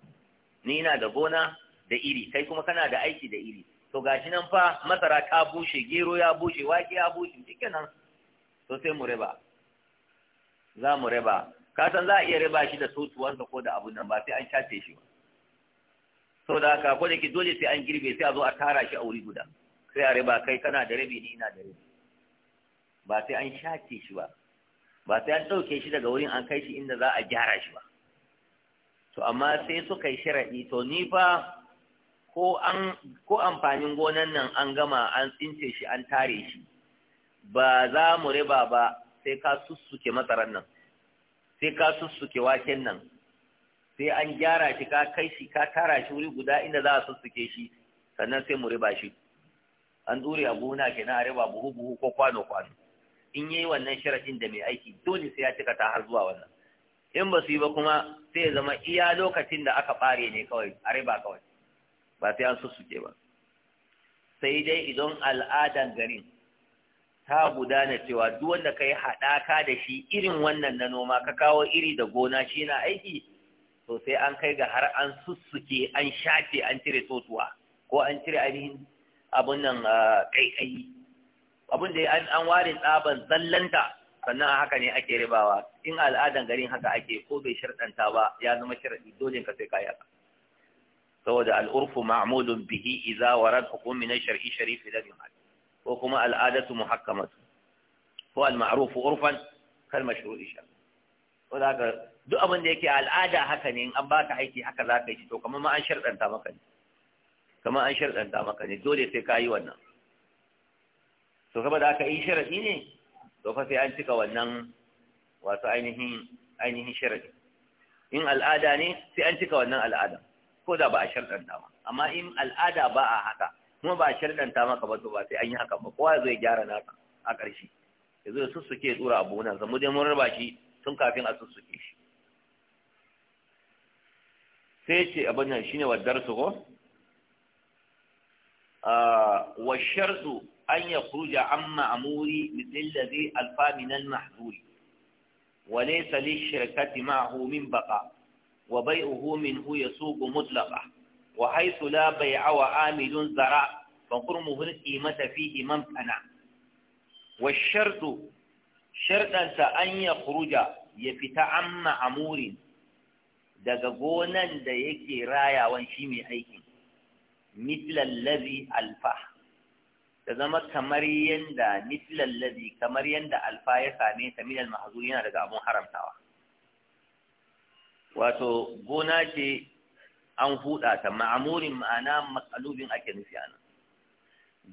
ni ina da gona da iri kai kuma kana da aiki da iri to gashi nan fa masara ta bushe gero ya bushe wake ya bushe kenan to sai mu riba za mu riba ka san za a iya riba shi da sotuwarsa ko da abun nan ba sai an shafe shi ba da haka ko da ke dole sai an girbe sai a zo a tara shi a wuri guda sai a riba kai kana da rabi ni ina da rabi ba sai an shace shi ba ba sai an ɗauke shi daga wurin an kai shi inda za a gyara shi ba to amma sai suka yi sharaɗi to ni fa ko an ko amfanin gonan nan an gama an tsince shi an tare shi ba za mu riba ba sai ka sussuke masaran nan sai ka sussuke waken nan sai an gyara shi ka kai shi ka tara shi wuri guda inda za a sussuke shi sannan sai mu riba shi an dure a buhuna kenan a raba buhu buhu ko kwano kwano in yi wannan sharaɗin da mai aiki dole sai ya cika ta har zuwa wannan in ba su yi ba kuma sai ya zama iya lokacin da aka ɓare ne kawai a riba kawai ba sai an sussuke ba sai dai idan al'adan garin ta gudana cewa duk wanda ka yi haɗaka da shi irin wannan na noma ka kawo iri da gona shi na aiki to sai an kai ga har an sussuke an shafe an cire totuwa ko an cire ainihin abun nan kaikayi ah, abun da an ware tsaban zallanta sannan a haka ne ake ribawa in al'adan garin haka ake ko bai sharɗanta ba ya zama sharɗi dole ka sai kaya ka saboda al'urfu ma'mudun bihi idza warad hukumi na shar'i sharifi da bin ko kuma al'adatu muhakkamatu ko al-ma'rufu urfan kal mashru'i shar'i ko da haka duk abin da yake al'ada haka ne in an baka aiki haka za ka yi to kamar ma an sharɗanta maka ne kamar an sharɗanta maka ne dole sai ka yi wannan to kama da aka yi sharaɗi ne to fa sai an cika wannan wato ainihin ainihin sharaɗi in al'ada ne sai an cika wannan al'ada ko da ba a sharɗanta ma amma in al'ada ba a haka kuma ba a sharɗanta maka ba to ba sai an yi haka ba kowa zai gyara nasa a ƙarshe ya zo sussuke tsura abu nan zamu dai mun raba shi tun kafin a sussuke shi sai ce abin nan shine wa darsu ko wa shartu an kuruja an amuri mithl alladhi alfa min al-mahzur wa laysa lish-shirkati ma'ahu min baqa wa bay'uhu minhu yasuqu mutlaqa wa haythu la bay'a wa amilun zara fa qurmuhu al-qimata fihi man kana wa shartu shartanta an yakhruja ya fita an ma'amurin daga gonan da yake rayawan shi mai aiki. mitlallazi alfa ta zama kamar yanda mitlallazi kamar yadda alfa ya same ta minal mahzur yana daga abun haramtawa wato gona ce an huda ta ma'amurin ma'ana matsalubin ake nufi ana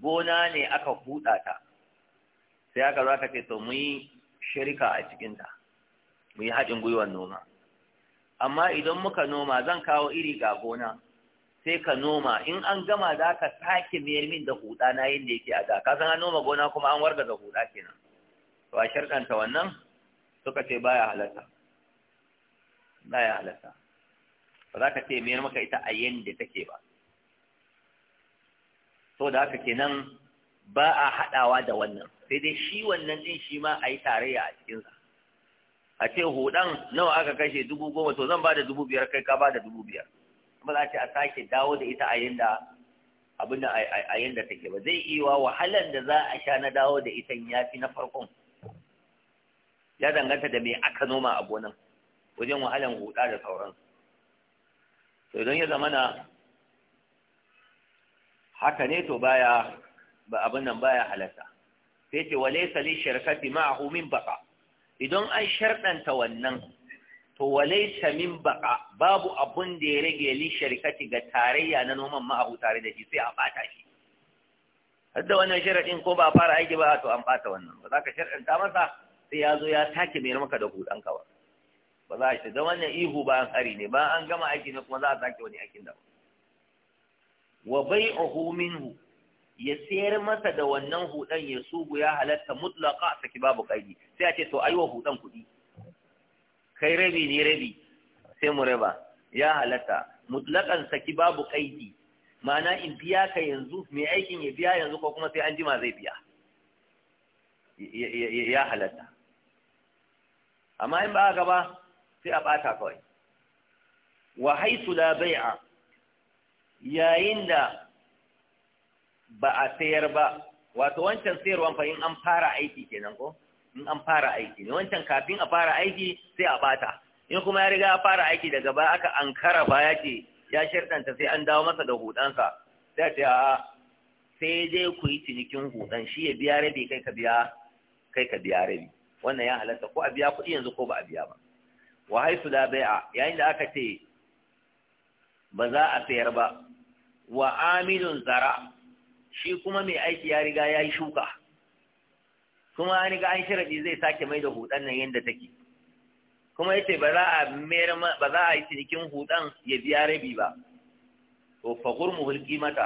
gona ne aka huda ta sai aka zo aka ce to mu yi shirka a cikinta mu yi haɗin gwiwar noma amma idan muka noma zan kawo iri ga gona sai ka noma in an gama za ka sake mayar min da huda na yin da yake a da ka san an noma gona kuma an warga da huda kenan to a sharkanta wannan suka ce baya halatta baya halatta ba za ka ce mayar maka ita a da take ba so da haka kenan ba a haɗawa da wannan sai dai shi wannan din shi ma a yi tarayya a cikinsa a ce hudan nawa aka kashe dubu goma to zan ba da dubu biyar kai ka ba da dubu biyar kuma za ce a sake dawo da ita a yanda abin da a yanda take ba zai iya wahalar da za a sha na dawo da ita ya fi na farkon ya danganta da me aka noma a gonan wajen wahalar huda da sauran to don ya na haka ne to baya ba abin nan baya halatta sai ce wale sali shirkati ma'ahu min baka idan an sharɗanta wannan to walaisa min baka babu abun da ya rage li sharikati ga tarayya na noman abu tare da shi sai a bata shi da wannan sharadin ko ba fara aiki ba to an bata wannan ba za ka sharadin masa sai ya zo ya take mai maka da hudan ka ba ba za a da wannan ihu ba an hari ne ba an gama aiki ne kuma za a sake wani aikin da wa bai'uhu minhu ya sayar masa da wannan hudan ya sugu ya halatta mutlaqa saki babu kaidi sai a ce to aiwa hudan kuɗi kai rabi ne rabi sai mu raba ya halatta mutlaqan saki babu kaidi ma'ana in biya ka yanzu mai aikin ya biya yanzu ko kuma sai an jima zai biya ya halatta amma in ba a gaba sai a ɓata kawai wa haisu la bai'a yayin da ba a sayar ba wato wancan sayarwan fa in an fara aiki kenan ko in an fara aiki ne wancan kafin a fara aiki sai a bata in kuma ya riga ya fara aiki daga baya aka ankara baya ce ya shirɗanta sai an dawo masa da hudansa sai ta a sai dai ku yi cinikin hudan shi ya biya rabi kai ka biya kai ka biya rabi wannan ya halatta ko a biya kuɗi yanzu ko ba a biya ba wa haisu la bai'a yayin da aka ce ba za a sayar ba wa amilun zara shi kuma mai aiki ya riga ya yi shuka kuma an ga an sharaɗi zai sake mai da hudan nan yadda take kuma yace ba za a mayar ba za a yi cinikin hudan ya biya rabi ba to fa hurmu qimata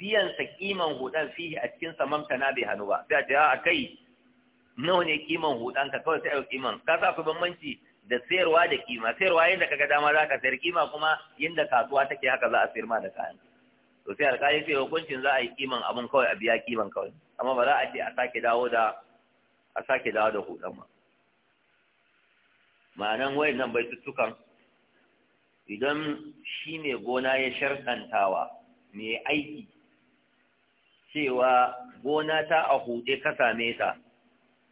biyan sa kiman hudan fihi a cikin sa mamtana bai hanu ba sai a kai nawa ne kiman hudan ka kawai sai a kiman ka sa ku bambanci da sayarwa da kima sayarwa yadda kaga dama za ka sayar kima kuma yadda kasuwa take haka za a sayar ma da kayan to sai alƙali sai hukuncin za a yi kiman abin kawai a biya kiman kawai amma ba za a ce a sake dawo da a sake dawo da hudan ba ma'anan wayan nan bai tuttukan idan shi ne gona ya sharkantawa mai aiki cewa gona ta a hude ka same ta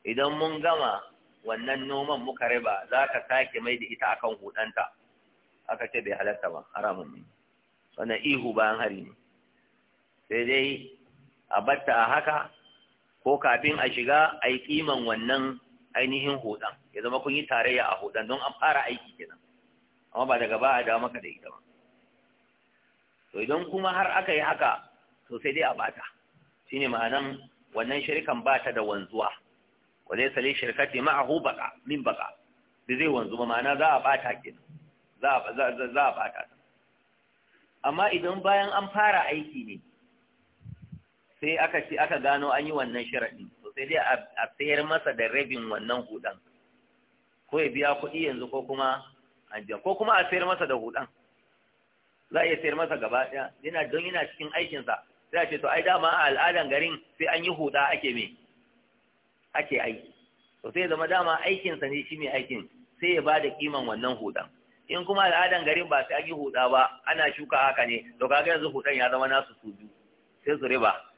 idan mun gama wannan noman muka riba za ka sake mai da ita akan hudanta aka ce bai halatta ba haramun ne wannan ihu bayan hari ne sai dai a batta a haka ko kafin a shiga a yi kiman wannan ainihin hudan ya zama kun yi tarayya a hudan don an fara aiki kenan amma ba daga ba a dawo maka da ita ba to idan kuma har aka yi haka to sai dai a bata shine ma'anan wannan shirkan ta da wanzuwa wa zai sale ce ma'ahu baka min baka da zai wanzu ba ma'ana za a bata kenan za a bata amma idan bayan an fara aiki ne sai aka ci aka gano an yi wannan sharaɗi to sai dai a sayar masa da rabin wannan hudan ko ya biya kuɗi yanzu ko kuma an jiya ko kuma a sayar masa da hudan za a iya sayar masa gaba ɗaya yana don yana cikin aikinsa sai a ce to ai dama a al'adan garin sai an yi huda ake me ake aiki to sai zama dama aikinsa ne shi mai aikin sai ya ba da kiman wannan hudan in kuma al'adan garin ba sai an yi huda ba ana shuka haka ne to kaga yanzu hudan ya zama nasu su biyu sai su riba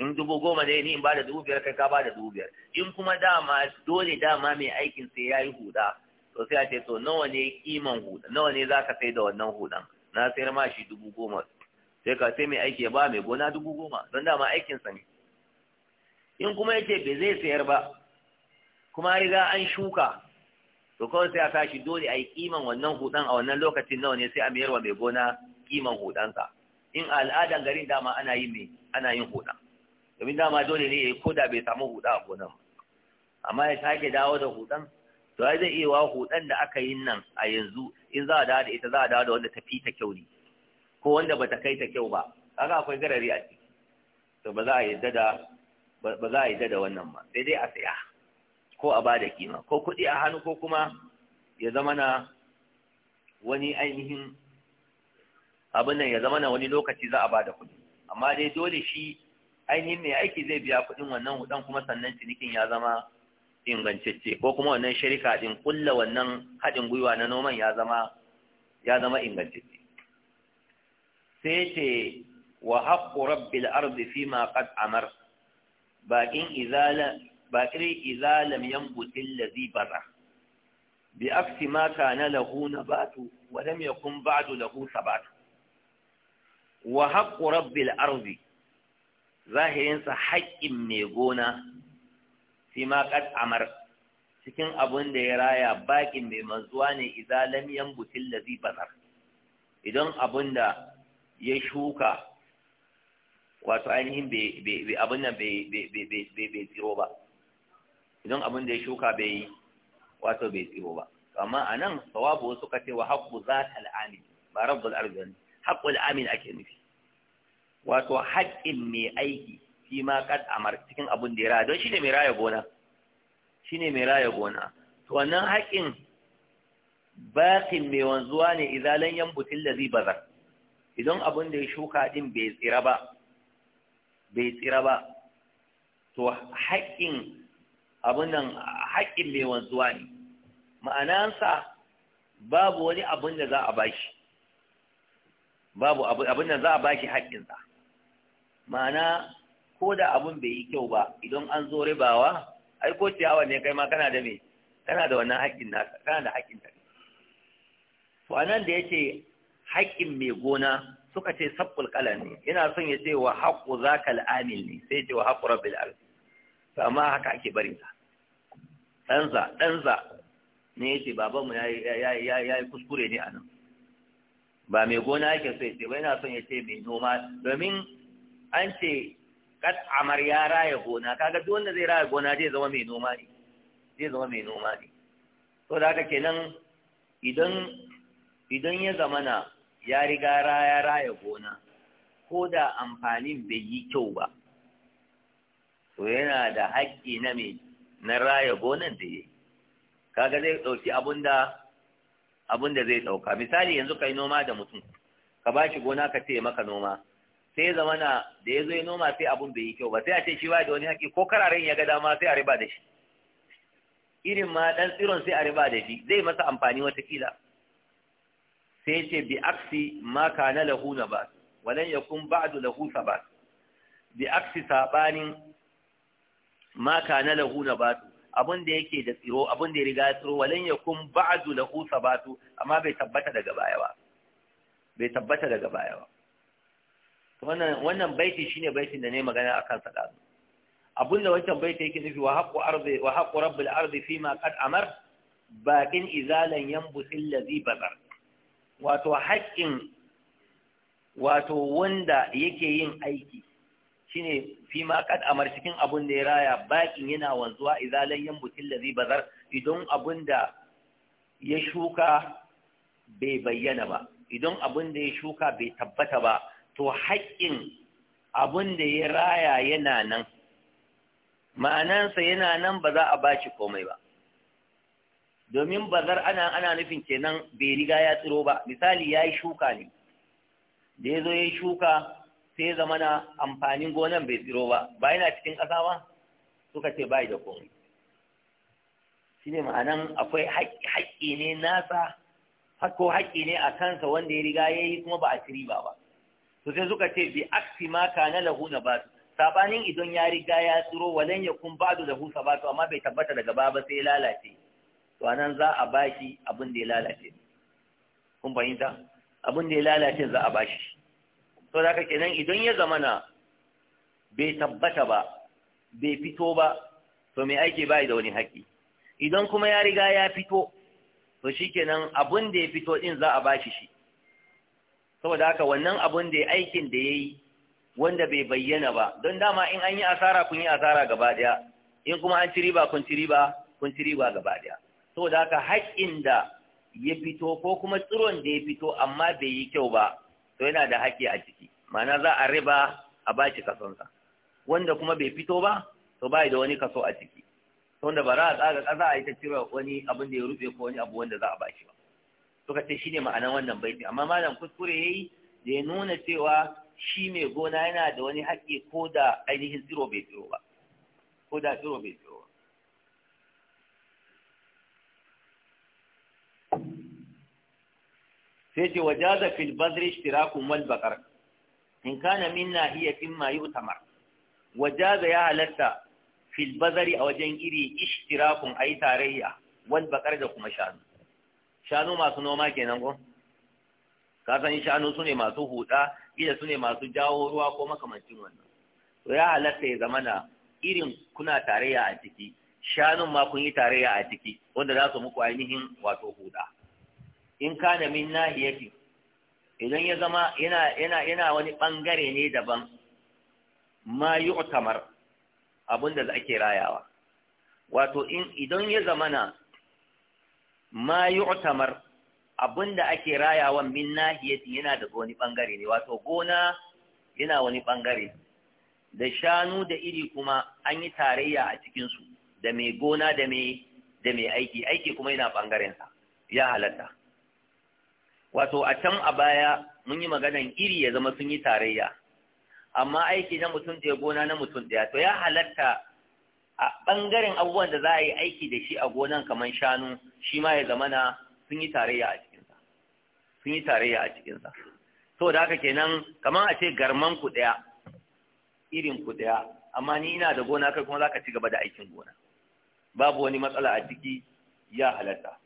in dubu goma ne ni in ba da dubu biyar kai ka ba da dubu biyar in kuma dama dole dama mai aikin sai ya yi huda to sai a ce to nawa ne kiman huda nawa ne za ka sai da wannan hudan na sayar ma shi dubu goma sai ka sai mai aiki ya ba mai gona dubu goma don dama aikinsa ne in kuma ya ce bai zai sayar ba kuma riga an shuka to kawai sai a tashi dole a yi kiman wannan hudan a wannan lokacin nawa ne sai a mayarwa mai gona kiman hudansa in al'adan garin dama ana yin mai ana yin hudan domin dama dole ne yayi koda bai samu huda a gonan amma ya sake dawo da hudan to ai zai iya wa hudan da aka yi nan a yanzu in za a dawo da ita za a dawo da wanda ta fi ta kyau ne ko wanda bata kai ta kyau ba kaga akwai garari a ciki to ba za a yadda da ba za a yadda da wannan ba sai dai a saya ko a bada kima ko kuɗi a hannu ko kuma ya zama na wani ainihin abin nan ya zama na wani lokaci za a bada kuɗi amma dai dole shi ainihin mai aiki zai biya kuɗin wannan hudan kuma sannan cinikin ya zama ingantacce ko kuma wannan shirika din kulla wannan haɗin gwiwa na noman ya zama ya zama ingantacce sai ce wa haqqu rabbil ardi fima qad amar baqin izala baqiri izalam yanbutil ladhi bara bi aksi ma kana lahu nabatu wa lam yakun ba'du lahu sabatu wa haqqu rabbil ardi zahirinsa haƙƙin mai gona fi ma ƙas amar cikin abun da ya raya baƙin mai manzuwa ne idza lam da allazi basar idan abun da ya shuka wato ainihin abun bai tsiro ba idan abun da ya shuka bai wato bai tsiro ba amma anan tsawabu suka ce wa haƙƙu za ta amin ba rabbul ardi haƙƙu al'amin ake nufi wato haƙƙin mai aiki shi ma kad amar cikin abin da ya raya don shi ne mai raya gona shi ne mai raya gona to wannan haƙƙin bakin mai wanzuwa ne izalan yan butil da zai bazar idan abin da ya shuka din bai tsira ba bai tsira ba to haƙƙin abin nan haƙƙin mai wanzuwa ne ma'anansa babu wani abin da za a bashi babu abin da za a bashi haƙƙinsa ma'ana ko da abun bai yi kyau ba idan an zo ribawa ai ko ciyawa ne kai ma kana da me kana da wannan haƙƙin naka kana da haƙƙin ta to anan da yake haƙƙin mai gona suka ce sabbul qalam ne yana son ya ce wa haqqu zakal amil ne sai ya ce wa haqqu rabbil ard to amma haka ake barin sa ɗansa ɗansa ne ya ce babanmu ya yi kuskure ne anan. ba mai gona yake so ya ce ba yana son ya ce mai noma domin an ce kat amar ya raya gona kaga duk wanda zai raya gona zai zama mai noma ne zai zama mai noma ne to da haka kenan idan idan ya zamana ya riga raya raya gona ko da amfanin bai yi kyau ba to yana da haƙƙi na mai na raya gonan da yi kaga zai ɗauki abunda abunda zai ɗauka misali yanzu kai noma da mutum ka ba shi gona ka ce maka noma sai ya zama na da ya zo ya noma sai abun bai yi kyau ba sai a ce shi ba da wani haƙi ko kararren ya ga dama sai a riba da shi irin ma ɗan tsiron sai a riba da shi zai masa amfani watakila sai ce bi aksi ma na lahu na ba walan ya kun ba'du lahu ba bi aksi saɓanin ma na lahu na ba abin da yake da tsiro abin da ya riga tsiro walan ya kun ba'du lahu sabatu amma bai tabbata daga baya ba bai tabbata daga baya ba wannan baitin shi ne baitin da ne magana a kansa da abun da wancan baiti yake nufi wa haƙo rabbi wa fi ma ardi amar baqin izalan busin lazi bazar wato haƙƙin wato wanda yake yin aiki shi ne fi ma ƙad amar cikin abin da ya raya baƙin yana wanzuwa izalan busin lazi bazar idan abin da ya shuka bai bayyana ba idan abin da ya shuka bai tabbata ba to haƙƙin abin da ya raya yana nan ma'anansa yana nan ba za a ba shi komai ba domin bazar ana ana nufin kenan bai riga ya tsiro ba misali ya yi shuka ne da ya zo ya yi shuka sai ya zama na amfanin gonan bai tsiro ba ba yana cikin ƙasa ba suka ce bai da komai shi ne ma'anan akwai haƙƙi ne nasa ko haƙƙi ne a kansa wanda ya riga ya yi kuma ba a ci ba ba to sai suka ce bi aksi ma na lahu su sabanin idan ya riga ya tsiro walan yakun ba'du lahu su amma bai tabbata daga baba sai lalace to anan za a bashi abin da ya lalace kun fahimta abin da ya lalace za a bashi to da ka kenan idan ya zamana bai tabbata ba bai fito ba to mai aiki bai da wani haƙi idan kuma ya riga ya fito to shikenan abin da ya fito din za a bashi shi saboda haka wannan abun da ya aikin da ya yi wanda bai bayyana ba don dama in an yi asara kun yi asara gaba daya in kuma an ci riba kun ci riba kun ci riba gaba daya saboda haka haƙƙin da ya fito ko kuma tsiron da ya fito amma bai yi kyau ba to yana da haƙƙi a ciki ma'ana za a riba a kason kasonsa wanda kuma bai fito ba to bai da wani kaso a ciki wanda ba za a tsaga ƙasa a yi ta cire wani abin da ya rufe ko wani abu wanda za a shi ba suka ce ne ma'anar wannan baiti amma malam kuskure ya yi, da ya nuna cewa shi mai gona yana da wani haƙƙi ko da ainihin tsiro bai tsiro ba ko da tsiro bai tsiro ba sai ce wajaza fil badri ishtirakun wal baqar in kana min nahiyatin ma yu'tamar wajaza ya halatta filbazari a wajen iri ishtirakun ay tarayya wal da kuma shanu shanu masu noma kenan ko ka san shanu su ne masu huda kila su ne masu jawo ruwa ko makamancin wannan to ya halatta ya zamana irin kuna tarayya a ciki shanun ma kun yi tarayya a ciki wanda za su muku ainihin wato huda in da min nahiyati idan ya zama yana yana yana wani bangare ne daban ma yu'tamar abunda da ake rayawa wato in idan ya zamana ma abin abinda ake rayawan min nahiyati yana da wani bangare ne wato gona yana wani bangare da shanu da iri kuma an yi tarayya a cikinsu da mai gona da mai da mai aiki aiki kuma yana bangaren sa ya halatta wato a can a baya mun yi maganan iri ya zama sun yi tarayya amma aiki na mutum da gona na mutum ɗaya to ya halatta a ɓangaren abubuwan da za a yi aiki da shi a gonan kamar shanu shi ma ya zamana sun yi tarayya a cikinsa sun yi tarayya a cikinsa so da haka kenan kamar a ce garman ku ɗaya irin ku ɗaya amma ni ina da gona kai kuma za ka ci gaba da aikin gona babu wani matsala a ciki ya halatta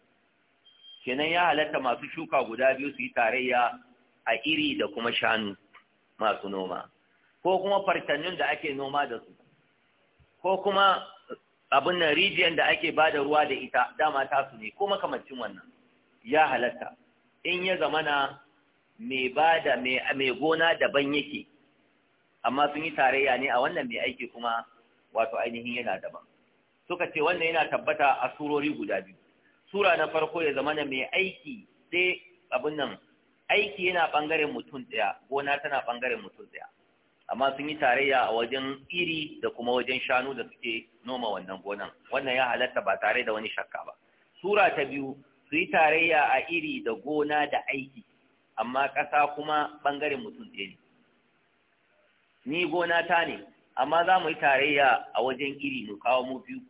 kenan ya halatta masu shuka guda biyu su yi tarayya a iri da kuma shanu masu noma ko kuma fartannin da ake noma da su ko kuma abin nan rijiyar da ake ba da ruwa da ita dama tasu ne ko makamancin wannan ya halatta in ya zamana mai ba da mai gona daban yake amma sun yi tarayya ne a wannan mai aiki kuma wato ainihin yana daban suka ce wannan yana tabbata a surori guda biyu sura na farko ya zamana mai aiki sai abin nan aiki yana ɓangaren mutum ɗaya gona tana ɓangaren mutum ɗaya amma sun yi tarayya a wajen iri da kuma wajen shanu da suke noma wannan gonan wannan ya halatta ba tare da wani shakka ba sura ta biyu su yi tarayya a iri da gona da aiki amma ƙasa kuma ɓangaren mutum ɗaya ne ni gona ta ne amma za mu yi tarayya a wajen iri mu kawo mu biyu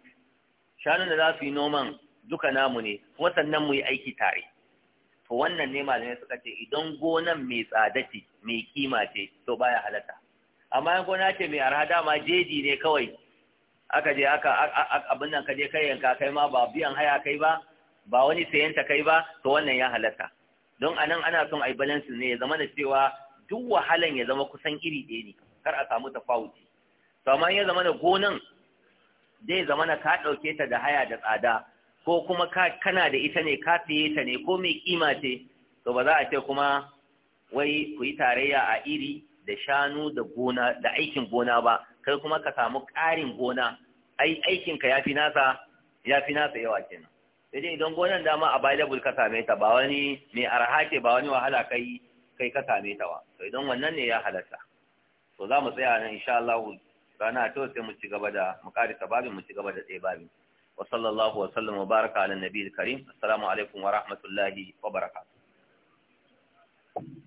shanun da za su yi noman duka namu ne kuma sannan mu yi aiki tare to wannan ne malamai suka ce idan gonan mai tsada ce mai kima ce to baya halatta amma yanko gona ce mai arha dama jeji ne kawai aka je aka abin nan ka je kai yanka kai ma ba biyan haya kai ba ba wani sayan ta kai ba to wannan ya halatta don anan ana son ai balance ne ya zama da cewa duk wahalan ya zama kusan iri ɗaya ne kar a samu tafawuti to amma ya zama da gonan zai zama na ka ɗauke ta da haya da tsada ko kuma ka kana da ita ne ka siye ta ne ko mai kima ce to ba za a ce kuma wai ku yi tarayya a iri da shanu da gona da aikin gona ba kai kuma ka samu ƙarin gona ai aikin ka yafi nasa yafi nasa yawa kenan sai dai idan gonan dama available ka same ta ba wani mai arha ce ba wani wahala kai kai ka same ta ba to idan wannan ne ya halarta to za mu tsaya nan insha Allah rana ta sai mu ci gaba da mu babin mu ci gaba da tsaye babin wa sallallahu wa sallam wa baraka ala nabiyil karim assalamu alaikum wa rahmatullahi wa barakatuh